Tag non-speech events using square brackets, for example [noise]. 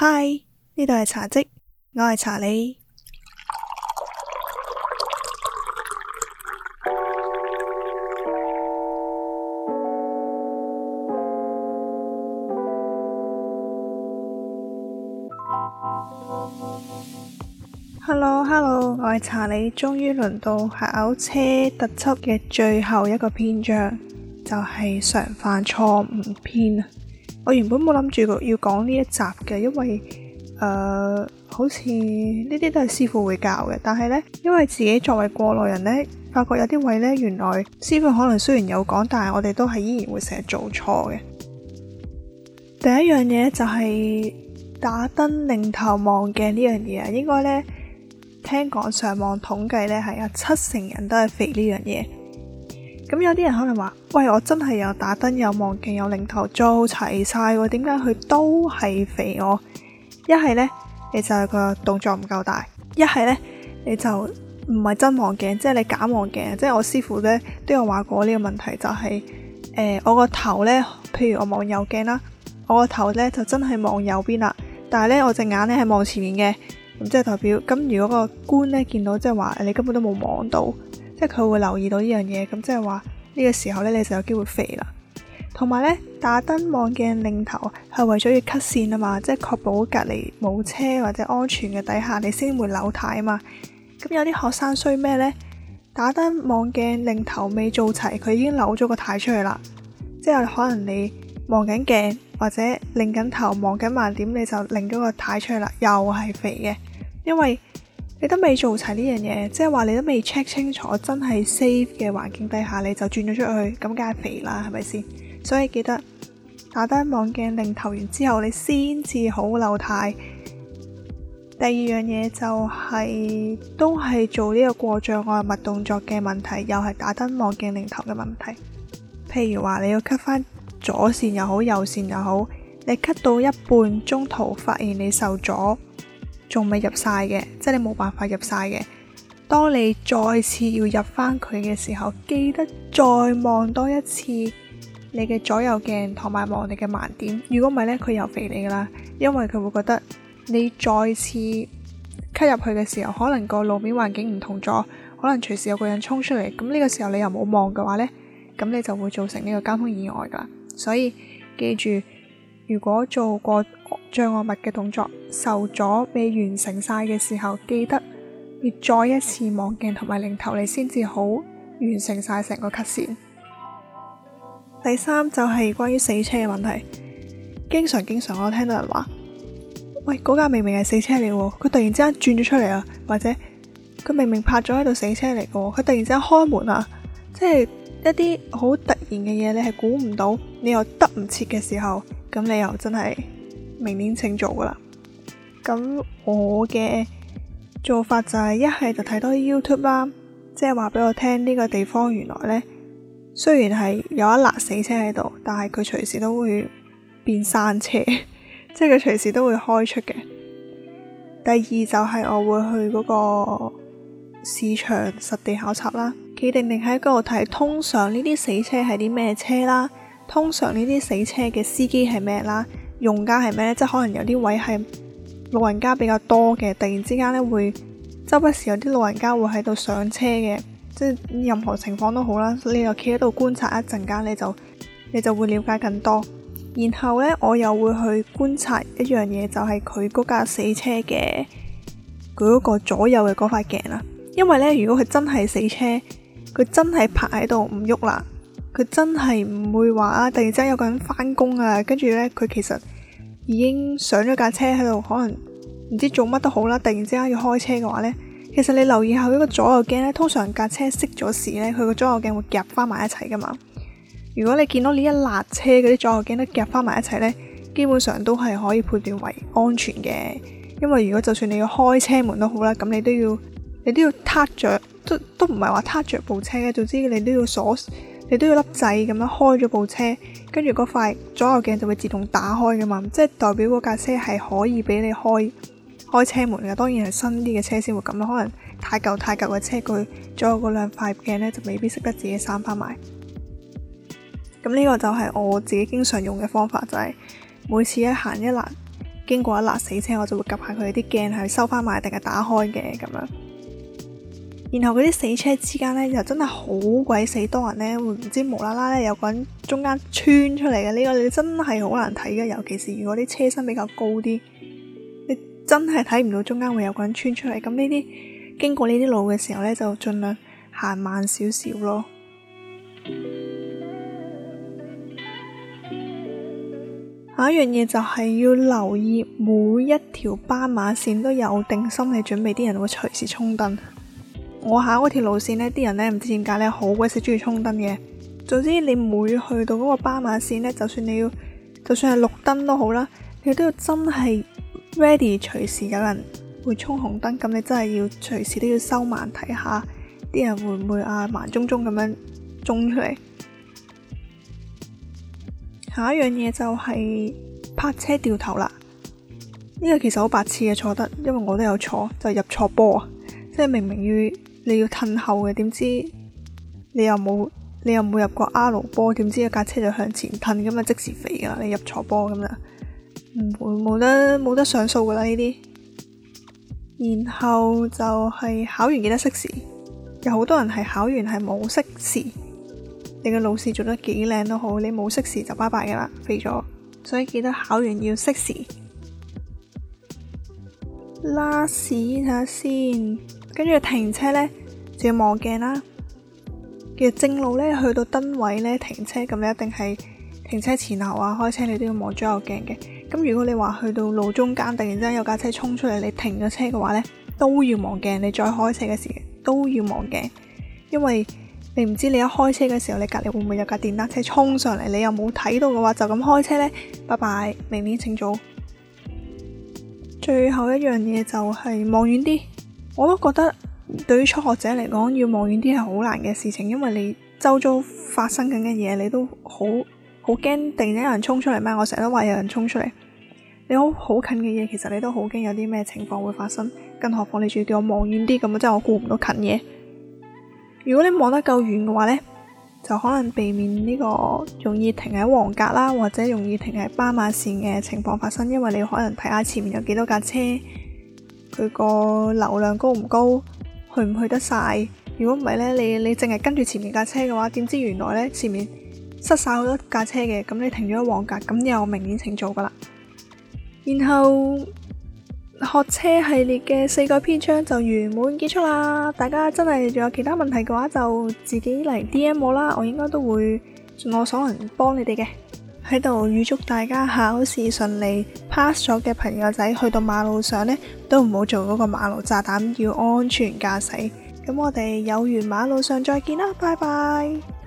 嗨，呢度係茶跡，我係茶理。hello hello，我係茶理。終於輪到考車特輯嘅最後一個篇章，就係、是、常犯錯誤篇。我原本冇諗住要講呢一集嘅，因為誒、呃，好似呢啲都係師傅會教嘅。但係呢，因為自己作為過來人呢，發覺有啲位呢，原來師傅可能雖然有講，但係我哋都係依然會成日做錯嘅。第一樣嘢就係打燈擰頭望鏡呢樣嘢，應該呢，聽講上網統計呢，係有七成人都係肥呢樣嘢。咁有啲人可能話：「喂，我真係有打燈，有望鏡，有擰頭，做好齊晒喎，點解佢都係肥我？一係呢，你就係個動作唔夠大；一係呢，你就唔係真望鏡，即係你假望鏡。即係我師傅呢都有話過呢個問題，就係誒我個頭呢。譬如我望右鏡啦，我個頭呢就真係望右邊啦，但係呢，我隻眼呢係望前面嘅，咁即係代表咁。如果個官呢見到，即係話你根本都冇望到。即係佢會留意到呢樣嘢，咁即係話呢個時候呢，你就有機會肥啦。同埋呢，打燈望鏡擰頭係為咗要 cut 線啊嘛，即係確保隔離冇車或者安全嘅底下，你先會扭軚啊嘛。咁有啲學生衰咩呢？打燈望鏡擰頭，頭未做齊，佢已經扭咗個軚出去啦。即係可能你望緊鏡或者擰緊頭望緊盲點，你就擰咗個軚出去啦，又係肥嘅，因為你都未做齊呢樣嘢，即係話你都未 check 清楚，真係 safe 嘅環境底下你就轉咗出去，咁梗係肥啦，係咪先？所以記得打燈望鏡擰頭完之後，你先至好扭軚。第二樣嘢就係、是、都係做呢個過障礙物動作嘅問題，又係打燈望鏡擰頭嘅問題。譬如話你要 cut 翻左線又好，右線又好，你 cut 到一半，中途發現你受阻。仲未入晒嘅，即係你冇辦法入晒嘅。當你再次要入翻佢嘅時候，記得再望多一次你嘅左右鏡，同埋望你嘅盲點。如果唔係呢佢又肥你噶啦，因為佢會覺得你再次入去嘅時候，可能個路面環境唔同咗，可能隨時有個人衝出嚟。咁呢個時候你又冇望嘅話呢咁你就會造成呢個交通意外噶啦。所以記住，如果做過，障礙物嘅動作受阻未完成晒嘅時候，記得要再一次望鏡同埋擰頭，你先至好完成晒成個曲線。第三就係關於死車嘅問題，經常經常我聽到人話：喂，嗰架明明係死車嚟，喎，佢突然之間轉咗出嚟啊，或者佢明明拍咗喺度死車嚟嘅，佢突然之間開門啊，即係一啲好突然嘅嘢，你係估唔到，你又得唔切嘅時候，咁你又真係。明年請做噶啦。咁我嘅做法就係一係就睇多 YouTube 啦，即係話俾我聽呢個地方原來呢，雖然係有一粒死車喺度，但係佢隨時都會變生車，即係佢隨時都會開出嘅。第二就係我會去嗰個市場實地考察啦，企定定喺嗰度睇，通常呢啲死車係啲咩車啦？通常呢啲死車嘅司機係咩啦？用家係咩呢？即係可能有啲位係老人家比較多嘅，突然之間呢，會，周不時有啲老人家會喺度上車嘅，即係任何情況都好啦。你又企喺度觀察一陣間，你就你就會了解更多。然後呢，我又會去觀察一樣嘢，就係佢嗰架死車嘅佢嗰個左右嘅嗰塊鏡啦。因為呢，如果佢真係死車，佢真係泊喺度唔喐啦。佢真係唔會話啊，突然之間有個人返工啊，跟住呢，佢其實已經上咗架車喺度，可能唔知做乜都好啦。突然之間要開車嘅話呢，其實你留意下佢個左右鏡呢，通常架車熄咗匙呢，佢個左右鏡會夾返埋一齊㗎嘛。如果你見到呢一勒車嗰啲左右鏡都夾返埋一齊呢，基本上都係可以判斷為安全嘅。因為如果就算你要開車門都好啦，咁你都要你都要撻着，都都唔係話撻着部車嘅，總之你都要鎖。你都要粒掣咁樣開咗部車，跟住嗰塊左右鏡就會自動打開噶嘛，即係代表嗰架車係可以俾你開開車門噶。當然係新啲嘅車先會咁樣，可能太舊太舊嘅車佢左右嗰兩塊鏡呢就未必識得自己閂翻埋。咁呢個就係我自己經常用嘅方法，就係、是、每次一行一粒經過一粒死車，我就會 𥄫 下佢啲鏡係收翻埋定係打開嘅咁樣。然後嗰啲死車之間呢，又真係好鬼死多人呢，會唔知無啦啦咧有個人中間穿出嚟，嘅呢個，你真係好難睇嘅。尤其是如果啲車身比較高啲，你真係睇唔到中間會有個人穿出嚟。咁呢啲經過呢啲路嘅時候呢，就盡量行慢少少咯。下一樣嘢就係要留意每一條斑馬線，都有定心理準備，啲人會隨時衝燈。我考嗰條路線呢啲人呢，唔知點解呢，好鬼死中意衝燈嘅。總之你每去到嗰個斑馬線呢，就算你要，就算係綠燈都好啦，你都要真係 ready 隨時有人會衝紅燈。咁你真係要隨時都要收慢睇下啲人會唔會啊，盲舂舂咁樣衝出嚟。下一樣嘢就係泊車掉頭啦。呢、呢個其實好白痴嘅錯得，因為我都有錯，就係、入錯波啊，即係明明要。你要褪後嘅，點知你又冇你又冇入過 R 波，點知架車就向前褪，咁啊即時肥噶啦！你入錯波咁啦，唔冇得冇得上訴噶啦呢啲。然後就係考完記得熄匙，有好多人係考完係冇熄匙，你個老師做得幾靚都好，你冇熄匙就拜拜噶啦，肥咗。所以記得考完要熄匙。拉屎下先，跟住停車呢就要望鏡啦。其實正路呢去到燈位呢，停車，咁你一定係停車前後啊，開車你都要望左右鏡嘅。咁如果你話去到路中間突然之間有架車衝出嚟，你停咗車嘅話呢都要望鏡。你再開車嘅時都要望鏡，因為你唔知你一開車嘅時候你隔籬會唔會有架電單車衝上嚟，你又冇睇到嘅話就咁開車呢。拜拜，明年請早。最後一樣嘢就係望遠啲，我都覺得對於初學者嚟講，要望遠啲係好難嘅事情，因為你周遭發生緊嘅嘢，你都好好驚，突然間有人衝出嚟咩？我成日都話有人衝出嚟，你好好近嘅嘢，其實你都好驚有啲咩情況會發生，更何況你仲要叫我望遠啲咁啊，真係我顧唔到近嘢。如果你望得夠遠嘅話呢。就可能避免呢個容易停喺黃格啦，或者容易停喺斑馬線嘅情況發生，因為你可能睇下前面有幾多、多架車，佢個流量高唔高，去唔去得晒？如果唔係呢，你你淨係跟住前面架車嘅話，點知原來呢前面塞晒好多架車嘅？咁你停咗喺黃格，咁又明顯程做噶啦。然後。學車系列嘅四個篇章就圓滿結束啦！大家真係仲有其他問題嘅話，就自己嚟 DM 我啦，我應該都會盡我所能幫你哋嘅。喺度 [music] 預祝大家考試順利，pass 咗嘅朋友仔去到馬路上呢，都唔好做嗰個馬路炸彈，要安全駕駛。咁我哋有緣馬路上再見啦，拜拜！